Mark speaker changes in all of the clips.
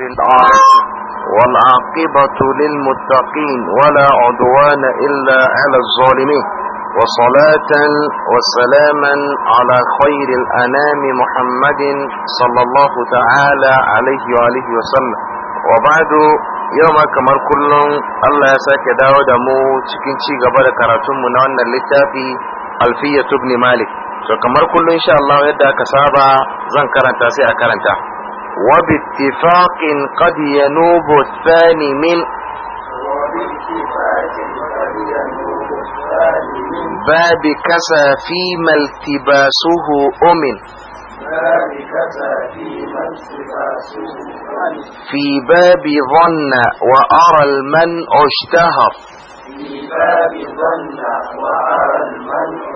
Speaker 1: للعاصم والعاقبة للمتقين ولا عدوان إلا على الظالمين وصلاة وسلاما على خير الأنام محمد صلى الله تعالى عليه وآله وسلم وبعد يوم كمال كل الله يساك داود مو تكنشي قبل كراتم من أن في ألفية ابن مالك so, كمال كل إن شاء الله يدى كسابة زن كرنتا سي أكرنتا وباتفاق قد ينوب الثاني من باب كسى فيما التباسه أمن في باب ظن وأرى المنع اشتهر في باب ظن وأرى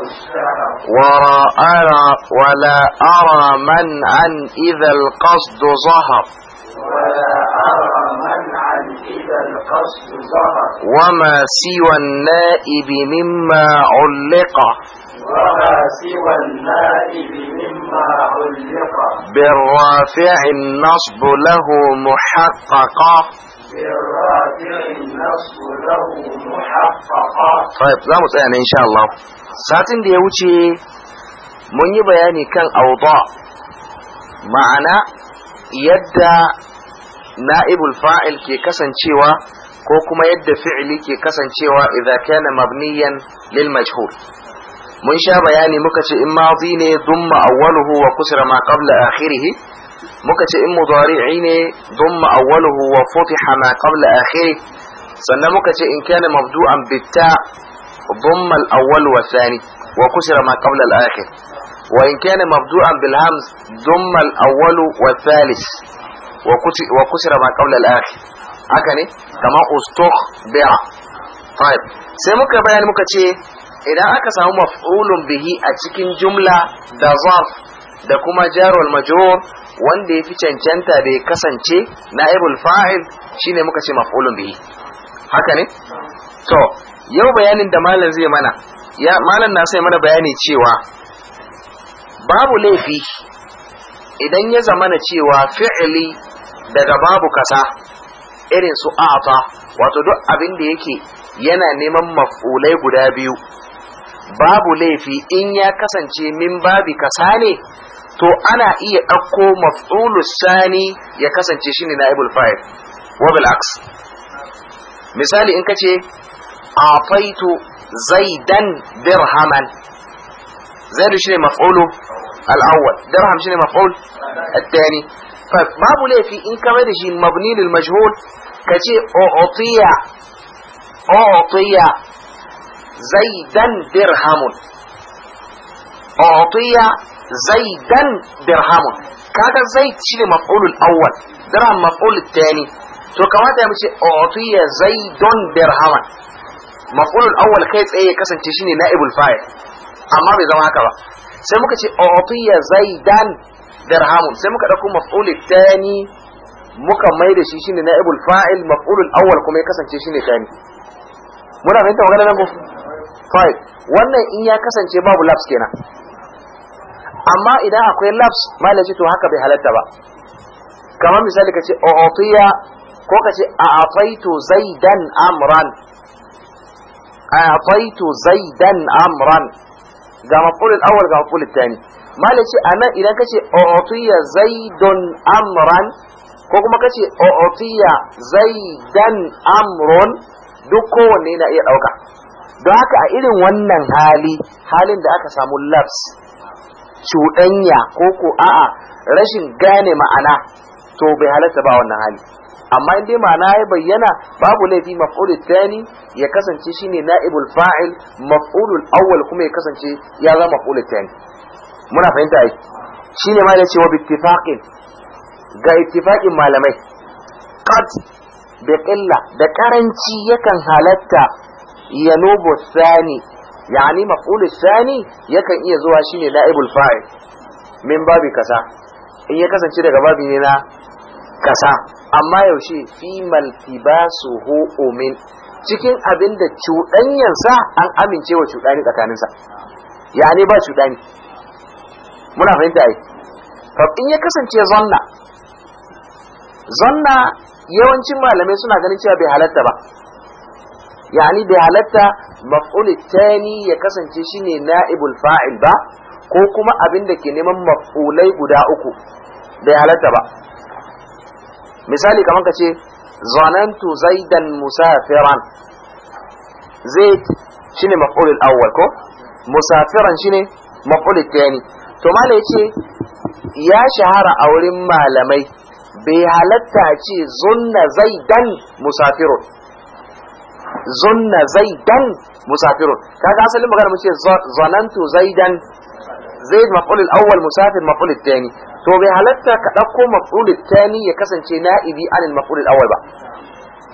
Speaker 1: ولا أرى, ولا أرى منعا إذا القصد ظهر ولا أرى منعا إذا القصد ظهر وما سوى النائب مما علق وما سوى النائب مما علق بالرافع النصب له محققا Taif za mu tsaya ne insha Allah. Satin da ya wuce mun yi bayani kan auda ma'ana yadda na'ibul fa'il ke kasancewa ko kuma yadda fi'ili ke kasancewa idza kana mabniyan lil majhul. Mun sha bayani muka ce in madi ne dumma awwaluhu wa kusra ma qabla akhirih muka ce in mudari'i ne dumma awwaluhu wa futiha ma qabla akhiri sannan muka ce in kana mabdu'an bitta dumma al-awwal wa thani wa kusira ma qabla al-akhir wa in kana mabdu'an bil hamz dumma al-awwal wa thalith wa kusira ma qabla al-akhir haka ne kamar ustukh bi'a طيب sai muka bayani muka ce idan aka samu maf'ulun bihi a cikin jumla da zarf da kuma jarwal major wanda ya fi cancanta da ya kasance na'ibul fa'il shine muka ce maf'ulun bihi haka ne to yau bayanin da malam zai mana ya malam na sai mana bayani cewa babu laifi idan ya zamana cewa fi'ili daga babu kasa irin su afa wato duk abin da yake yana neman maf'ulai guda biyu babu laifi in ya kasance min babi kasa ne to ana iya ɗauko maf'ulu sani ya kasance shine naibul fa'il wa bil aks misali in kace afaitu zaidan dirhaman zaidu shine maf'ulu al-awwal dirham shine maf'ul al-thani fa babu laifi in ka mai da shi mabni lil majhul kace u'tiya u'tiya zaidan dirhamun u'tiya zaidan dirhamun kaga zaid shine maf'ulul awwal dirham maf'ul thani to kamata ya mace u'tiya zaidun dirhaman maf'ulul awwal kai tsaye ya kasance shine na'ibul fa'il amma bai zama haka ba sai muka ce u'tiya zaidan dirhamun sai muka dauko maf'ulul thani muka mai da shi shine na'ibul fa'il maf'ulul awwal kuma ya kasance shine thani muna fahimta magana nan ko fa'il wannan in ya kasance babu laps kenan amma idan akwai labs malam to haka bai halatta ba kamar misali ka ce u'tiya ko ka ce a'taitu zaidan amran zai zaidan amran ga mafulul awwal ga mafulul tani malam ce anan idan ka ce zai zaidun amran ko kuma ka ce zai zaidan amrun duk kowanne na iya dauka don haka a irin wannan hali halin da aka samu labs cuɗanya ko ko a'a rashin gane ma'ana to bai halatta ba wannan hali amma in dai ma'ana ya bayyana babu laifi maf'ulul tani ya kasance shine na'ibul fa'il maf'ulul awwal kuma ya kasance ya zama maf'ulul thani muna fahimta ai shine ma da cewa bittifaqin ga ittifaqin malamai qad bi qilla da karanci yakan halatta yanubu thani Ya'ani maf'ulu sani yakan iya zuwa shine na fa'il min babi kasa in ya kasance daga babi ne na kasa amma yaushe fi maltibasuhu umin cikin abin da cuɗanyansa an amince wa cuɗani tsakaninsa yani ba cuɗani muna fahimta ai to in ya kasance zonna zonna yawancin malamai suna ganin cewa bai halatta ba yani bai halatta maf'ul tani ya kasance shine na'ibul fa'il ba ko kuma abin da ke neman maf'ulai guda uku bai halatta ba misali kamar ka ce zanantu zaidan musafiran zaid shine maf'ulul awwal ko musafiran shine maf'ul tani to malai ce ya shahara a wurin malamai bai halatta ce zunna zaidan musafirun zunna zaidan musafirun kaga asalin magana mu ce zanantu zaidan zaid maf'ul al-awwal musafir maf'ul al-thani to bai halatta ka dauko maf'ul al-thani ya kasance na'ibi anil maf'ul al-awwal ba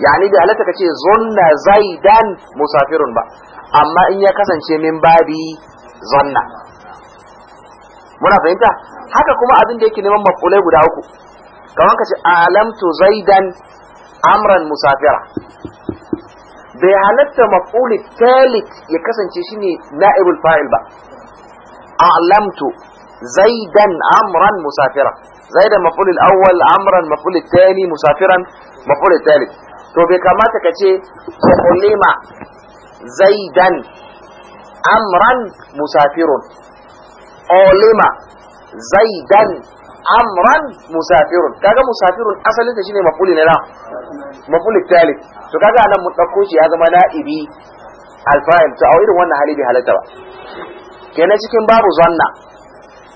Speaker 1: yani bai halatta ka ce zunna zaidan musafirun ba amma in ya kasance min babi zanna muna fahimta haka kuma abin da yake neman maf'ulai guda uku kamar ka ce alamtu zaidan amran musafira bai halatta maf'ul thalith ya kasance shine na'ibul fa'il ba a'lamtu zaidan amran musafira zaidan maf'ul al-awwal amran maf'ul al-thani musafiran maf'ul al-thalith to bai kamata ka ce ulima zaidan amran musafirun ulima zaidan amran musafirun kaga musafirun asalin ta shine mafuli na mafuli talib to kaga anan mun dauko shi ya zama na'ibi alfa'il to a irin wannan hali bai halatta ba kenan cikin babu zanna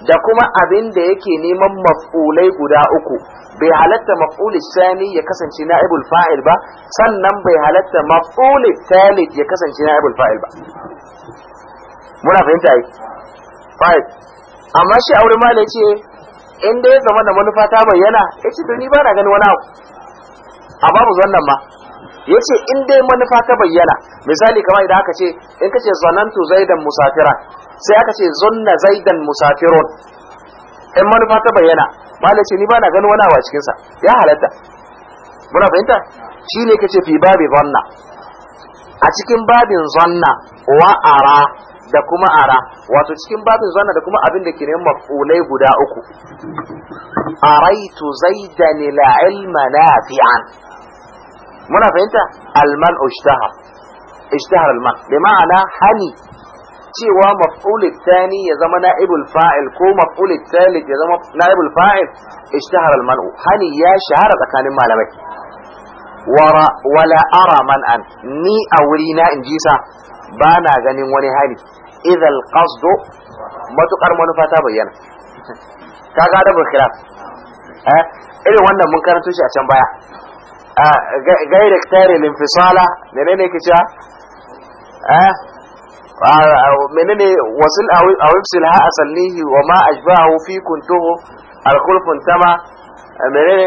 Speaker 1: da kuma abin da yake neman maf'ulai guda uku bai halatta maf'ul sani ya kasance na'ibul fa'il ba sannan bai halatta maf'ul thalith ya kasance na'ibul fa'il ba muna fahimta ai fa'il amma shi aure ma ce in dai ya zama da manufa ta bayyana ya ce to ni ba na gani wani abu A babu zannan ma ya ce in dai manufa ta bayyana misali kamar idan aka ce in ka ce zanantu zaidan musafira sai aka ce zonna zaidan musafirun in manufa ta bayyana malam ce ni ba na gani wani abu a cikinsa ya halatta muna fahimta shi ne ka ce fi babi zanna a cikin babin zanna wa'ara. da kuma ara wato cikin babin zana da kuma abin da ke neman maf'ulai guda uku araitu zaidan la ilma nafi'an muna fahimta alman ishtahar ishtahar alman bi ma'ana hani cewa maf'ulul thani ya zama na'ibul fa'il ko maf'ulul thalith ya zama na'ibul fa'il ishtahar alman hani ya shahara tsakanin malamai wala ara man an ni a wuri na in ji sa ba na ganin wani hari idal qasdu matukar manufa ta bayyana kaga da bukira eh irin wannan mun karanto shi a can baya gaira tare linfisala menene ke cewa eh menene wasil awibsil ha asallihi wa ma ajbahu fi kuntuhu alkhulfun tama menene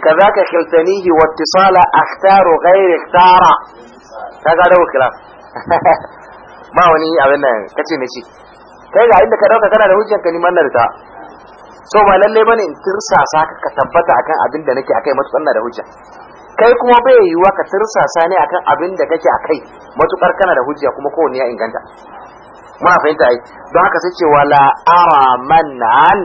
Speaker 1: kazaka khiltanihi wa ittisala akhtaru ghairi ikhtara kaga da bukira ba wani abin nan kace na shi kai ga inda ka dauka kana da hujjanka ni mallar ta so ba lalle bane in tirsasa ka ka tabbata akan abin da nake akai matukar na da hujja kai kuma bai yi wa ka tirsasa ne akan abin da kake akai matukar kana da hujja kuma kowanne ya inganta muna fahimta ai don haka sai ce wala ara manan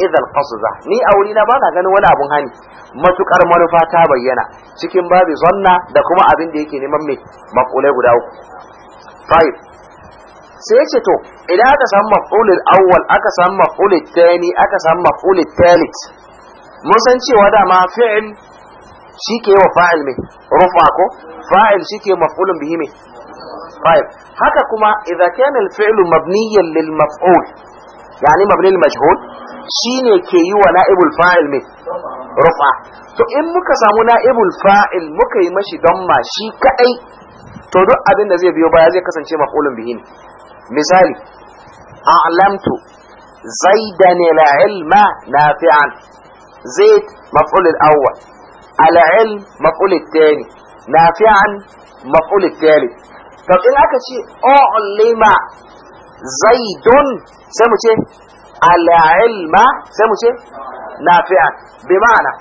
Speaker 1: idal qasda ni a na ba na ganin wani abun hani matukar manufa ta bayyana cikin babu zanna da kuma abin da yake neman mai makulai guda uku five sai ce to idan aka samu maf'ulul awwal aka samu maf'ulul tani aka samu maf'ulul talit. mun san cewa dama fi'il ke wa fa'il mai rufa ko fa'il ke maf'ulun bihi mai five haka kuma idan kana al-fi'lu mabniyan lil maf'ul yani mabni majhul shine ke yi wa na'ibul fa'il mai rufa to in muka samu na'ibul fa'il muka yi mashi don ma shi kadai to duk abin da zai biyo baya zai kasance maqulun bihi misali a'lamtu zaidan la ilma nafi'an zaid maf'ul al-awwal al-ilm maf'ul al-thani nafi'an maf'ul al-thalith to in aka ce a'lima zaidun sai mu ce al'ilma sai mu ce nafi'an bi ma'ana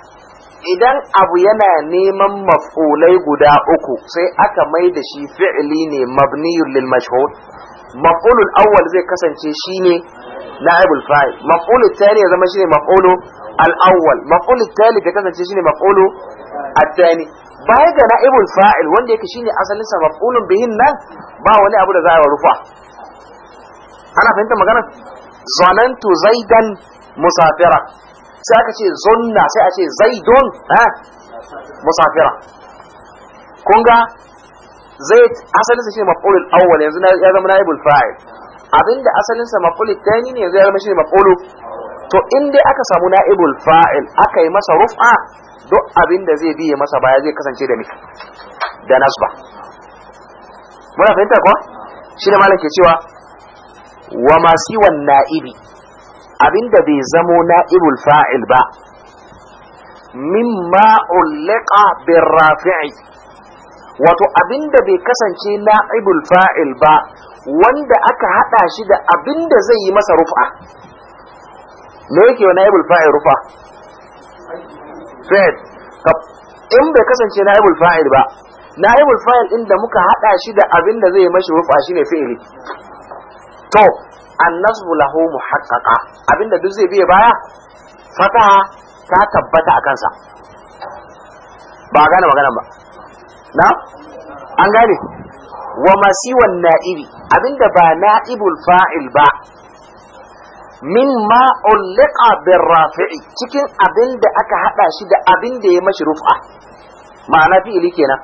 Speaker 1: idan abu yana neman maf'ulai guda uku sai aka mai da shi fi'ili ne mabniyun lil mashhur maf'ulul awwal zai kasance shine na'ibul fa'il maf'ulul thani ya zama shine maf'ulu al-awwal maf'ulul thalith ya kasance shine maf'ulu at-thani baya ga na'ibul fa'il wanda yake shine asalin sa maf'ulun bihin nan ba wani abu da za a rufa ana fahimtar magana zanantu zaidan musafira sai aka ce zonna sai a ce zaidun ha musafira kun ga zaid asalinsa shi maf'ulul awwal yanzu ya zama naibul fa'il abinda asalinsa maf'ulul tani ne yanzu ya zama shi maf'ulul to in dai aka samu naibul fa'il aka yi masa rufa duk abinda zai biye masa baya zai kasance da ni da nasba muna fahimta kuwa shi ne malam ke cewa wa ma siwan na'ibi abinda bai zamo na'ibul fa'il ba min ulqa bir rafi'i wato abinda bai kasance na'ibul fa'il ba wanda aka haɗa shi da abinda zai yi masa rufa me yake wa na'ibul fa'il rufa fa'il in bai kasance na'ibul fa'il ba na'ibul fa'il din da muka haɗa shi da abinda zai yi mashi rufa shine fi'ili to annasbu lahu muhaqqaqa abinda duk zai biye baya fataha ta tabbata a kansa ba gane magana ba na an gane wa masiwan na'ibi abinda ba na'ibul fa'il ba min ma ulqa bir cikin abinda aka hada shi da abinda ya mashi rufa ma'ana fi'ili kenan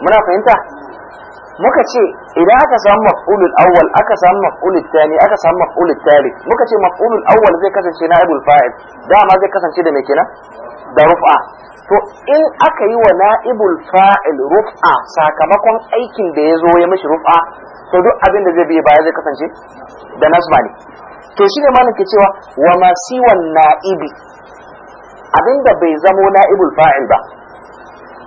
Speaker 1: muna fahimta muka ce idan aka samu maf'ulul awwal aka samu maf'ulul tani aka samu maf'ulul talith muka ce maf'ulul awwal zai kasance na'ibul fa'il dama zai kasance da me kenan da rufa to in aka yi wa na'ibul fa'il rufa sakamakon aikin da ya zo ya mishi rufa to duk abin da zai bi baya zai kasance da nasba ne to shine ma nake cewa wa ma siwan na'ibi abinda bai zamo na'ibul fa'il ba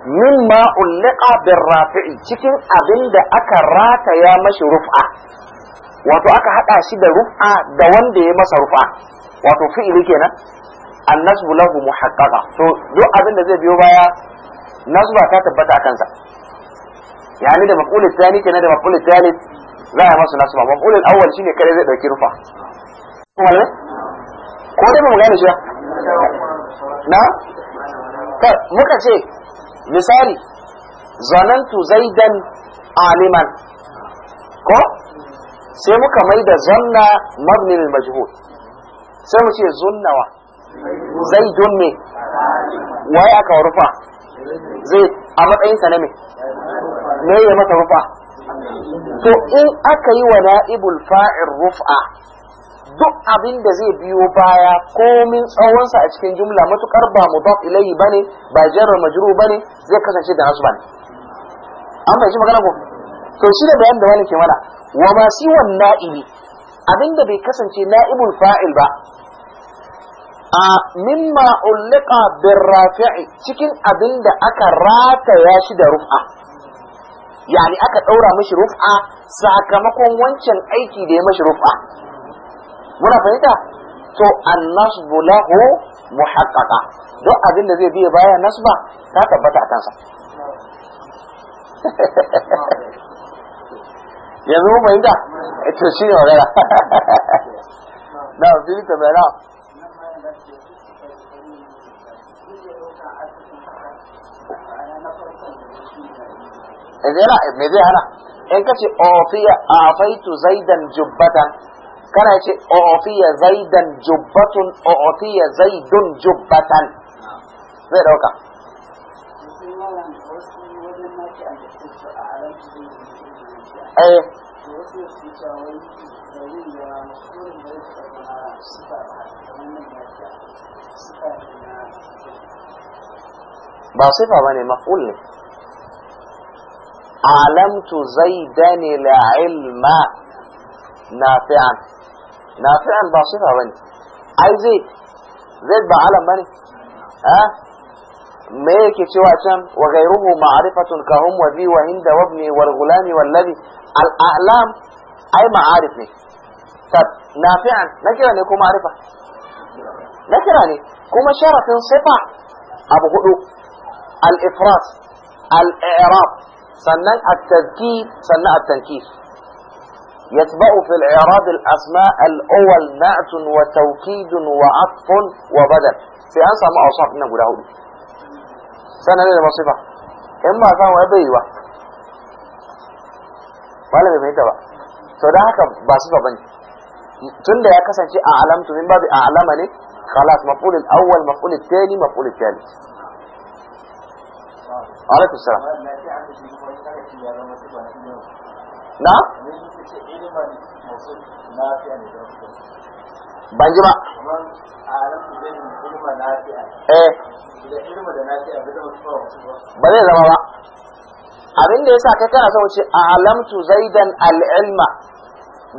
Speaker 1: ma ulliqa birrafi'i cikin abin da aka rataya mashi rufa wato aka hada shi da rufa da wanda ya masa rufa wato fi'ili kenan annasbu lahu muhaqqaqa to duk abin da zai biyo baya nasba ta tabbata a kansa yani da maqulul thani kenan da maqulul thalith za a masa nasba maqulul awwal shine kare zai dauki rufa wala ko dai mu gane shi na muka ce misali zanantu zaidan aliman ko sai muka mai da zanna mabnin majhul sai mu ce zunnawa zaidun ne waye aka rufa zai a matsayin na me me ya masa rufa to in aka yi wa na'ibul fa'il rufa duk abin da zai biyo baya komin tsawonsa a cikin jumla matukar ba mu ilayhi bane ba ne, ba majiru ba ne, zai kasance da ba ne an shi magana ko to shi da bayan da wani ke mana wa ma na'ibi abin da bai kasance na'ibul fa'il ba a mimma ulqa birrafi'i cikin abin da aka rataya shi da rufa yani aka daura mashi rufa sakamakon wancan aiki da ya mashi rufa muna fahimta to annas lahu muhaqqaqa duk abin da zai biya bayan nasba ta tabbata a kansa yanzu fahimta to shi ne magana na fi ta eh, me zai hana, in afaitu oh, zaidan jubbatan, kana ya ce u'tiya zaidan jubbatun u'tiya zaidun jubbatan zai dauka eh ba sifa bane maf'ul ne alamtu zaidan la ilma nafi'an نافع فعل با صفة وانت عايز ايه زيد بعلم علم مالك ها ميك سواء وغيره معرفة كهم وذي وهند وابني والغلام والذي الأعلام أي معارف ليه طب نافعا نكرة لكم معرفة نكرة ليه كما شرط صفة أبو هدو الإفراس الإعراب سنة التذكير سنة التنكير يتبع في الإعراب الأسماء الأول نعت وتوكيد وعطف وبدل في أنسى ما أوصاف إنه له سنة لنا مصيفة إما فهو أبي واحد ولا بفهمت بقى فدهك بصفة بني تند يا كسن شيء أعلمت من باب أعلمني خلاص مفعول الأول مفعول الثاني مفعول الثالث عليكم السلام نعم ban ji ba eh ba zai zama ba abin da sa kai kana sauce a alamtu zaidan al'ilma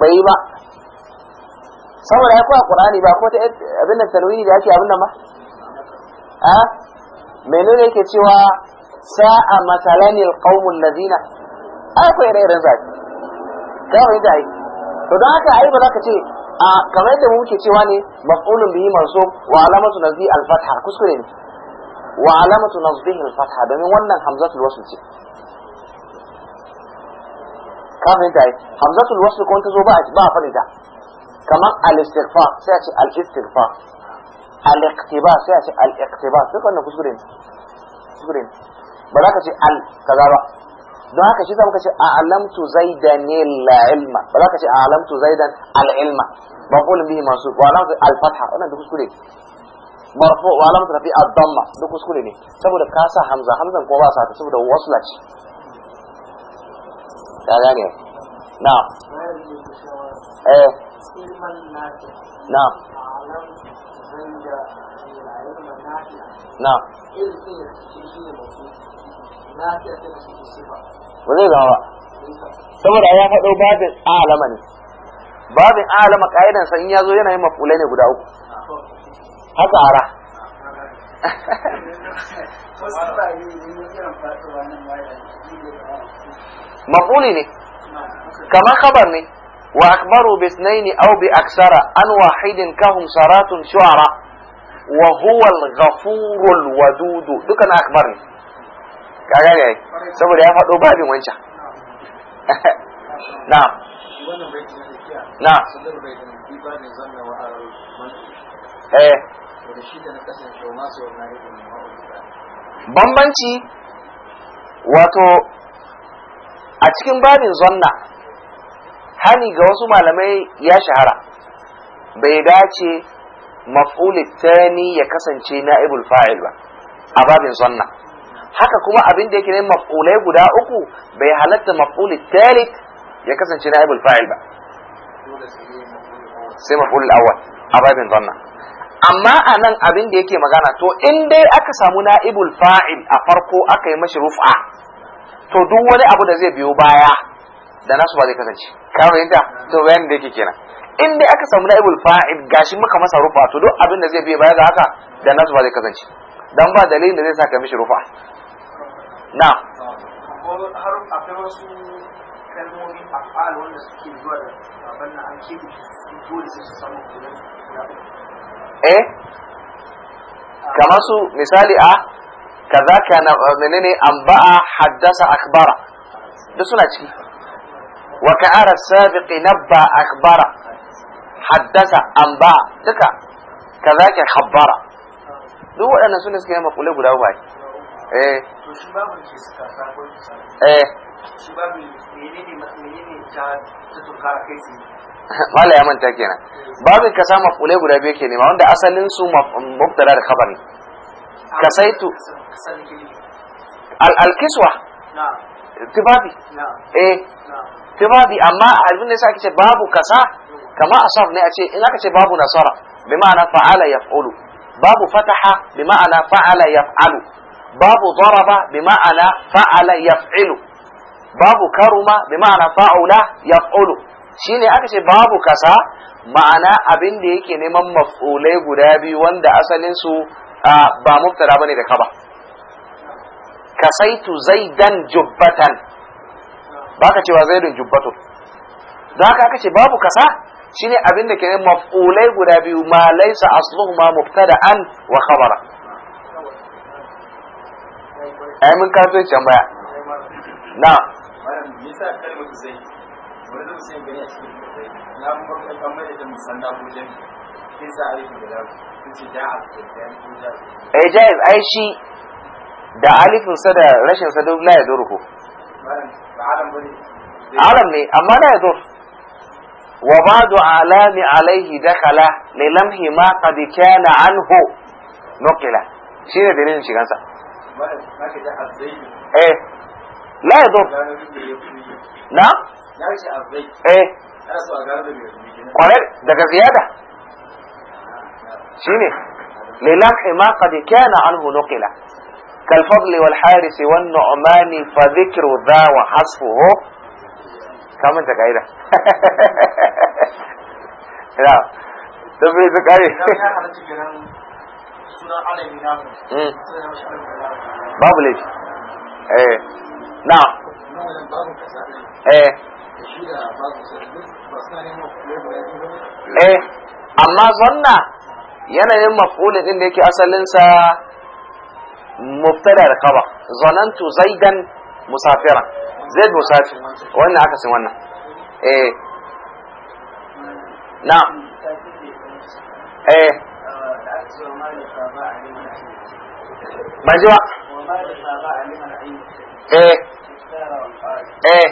Speaker 1: bai yi ba saboda ya kuwa qur'ani ba ko ta abin da tarwihi da ake abin nan ba a eh? menene yake cewa sa'a masalanil qaumul ladina akwai ire-iren zafi kai wani da ai to don haka ai ba za ka ce a kamar yadda mu ke cewa ne maf'ulun bihi mansub wa alamatu nazbi al-fatha kuskure ne wa alamatu nazbihi al-fatha domin wannan hamzatul wasl ce ka fahimta ai hamzatul wasl ko ta zo ba ba a farida kamar al-istighfar sai a ce al-istighfar al-iqtiba sai a ce al-iqtiba duk wannan kuskure ne kuskure ne ba za ka ce al kaza ba don haka shi zama ka ce a alamtu zaidan ne la ilma ba za ka ce a alamtu zaidan al ilma ba ko bihi masu wa alamtu al fatha wannan duk kuskure marfu wa alamtu rafi ad damma duk kuskure ne saboda ka sa hamza hamzan ko ba sa ta saboda wasla ce ka gane na eh na na ba zai zama ba saboda ya faɗo babin alama ne babin alama ka'idansa in ya zo yana yi mafulai ne guda uku haka ara mafuli ne kama khabar ne wa akbaru bi ithnaini aw bi aksara an wahidin kahun saratun shu'ara wa huwa al-ghafurul wadudu dukan akbar ne ka ne saboda ya faɗo babin wancan eh. na na eh bambanci wato a cikin babin zonna hani ga wasu malamai ya shahara bai dace maf'ul ya kasance na Ibul fa'il ba a babin zonna haka kuma abin da yake ne maf'ulai guda uku bai halatta maf'uli talit ya kasance na ibul fa'il ba sai maf'ulul awwal a babin zanna amma a nan abin da yake magana to in dai aka samu na ibul fa'il a farko aka yi mashi rufa to duk wani abu da zai biyo baya da nasu ba zai kasance kamar yadda to bayan da yake kenan in dai aka samu na'ibul fa'il gashi muka masa rufa to duk abin da zai biyo baya da haka da nasu ba zai kasance dan ba dalilin da zai saka mishi rufa na har akwai wasu kalmomi afal wanda suke an keɓe eh kamar su misali a kaza kana eh, menene anba'a haddasa akbara duk suna ciki wa ka'ara sabiqi ba akbara haddasa an anba'a duka kaza ka habbara. duk waɗannan suna suka yi makule guda uku eh to shi babu ke suka eh shi babu menene menene ta kai mala ya manta kenan eh. babin ka sa maf'ulai guda biyu ke nema wanda asalin su mubtada da khabar ne ah, ka saitu al alkiswa tibabi eh tibabi amma abin da sake ce babu kasa kama asaf ne a ce in aka ce babu nasara bi ma'ana fa'ala yaf'ulu babu fataha bi ma'ana fa'ala yaf'alu babu daraba bi ma'ana fa'ala yaf'ilu babu karuma bi ma'ana fa'ula yaf'ulu shine aka ce babu kasa ma'ana abin yake neman maf'ulai guda biyu wanda asalin su ba mubtada bane da kaba kasaitu zaidan jubbatan baka cewa zaidun jubbatu don haka aka ce babu kasa shine abin da ke neman maf'ulai guda biyu malaisa laysa asluhuma wa khabara ai mun ka kaso can baya na ai eh, jaiz ai shi da alifin sa da rashin sa duk la ya durhu alam ne amma na ya zuru wa ba ba'du alami alaihi dakala lilamhi ma qad kana anhu shi ne dalilin shigansa ايه لا يضر نعم ايه ده زيادة شيني للمح ما قد كان عنه نقل كالفضل والحارس والنعمان فذكر ذا وحصفه كم انت قايدة لا تبري تقايد Hmm. babu laifi eh na eh. eh amma zonna yanayin maf'ulin din da yake asalinsa mubtada da kaba zanantu zaidan musafira zaid musafi wannan aka sin wannan eh na eh ban eh eh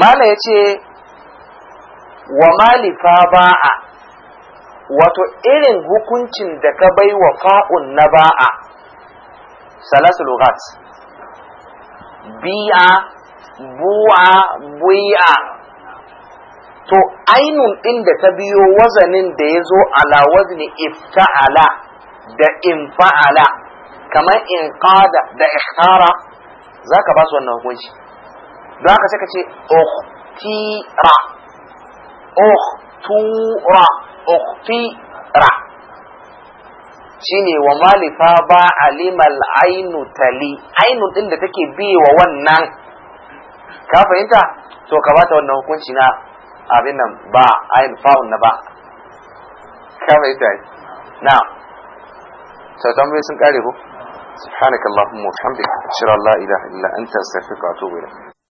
Speaker 1: mala ya ce wa malifa ba'a wato irin hukuncin da ka bai wa fa'un na ba'a salasu lugat bi'a bu'a bu'a to ainun ɗin da ta biyo wazanin da ya zo ala wazni ifta'ala da infa'ala kamar qada da ikhtara za ka ba su wannan hukunci don haka sai ka ce uktira shine wa malifa ba alimal ainu tali ainun ɗin da take biye wannan ka fahimta to ka ba ta wannan hukunci na abin nan ba ayin fa'un na ba kama ita na sau tambayi sun kare ko subhanakallahumma wa bihamdika ashhadu an la ilaha illa anta astaghfiruka wa atubu ilayk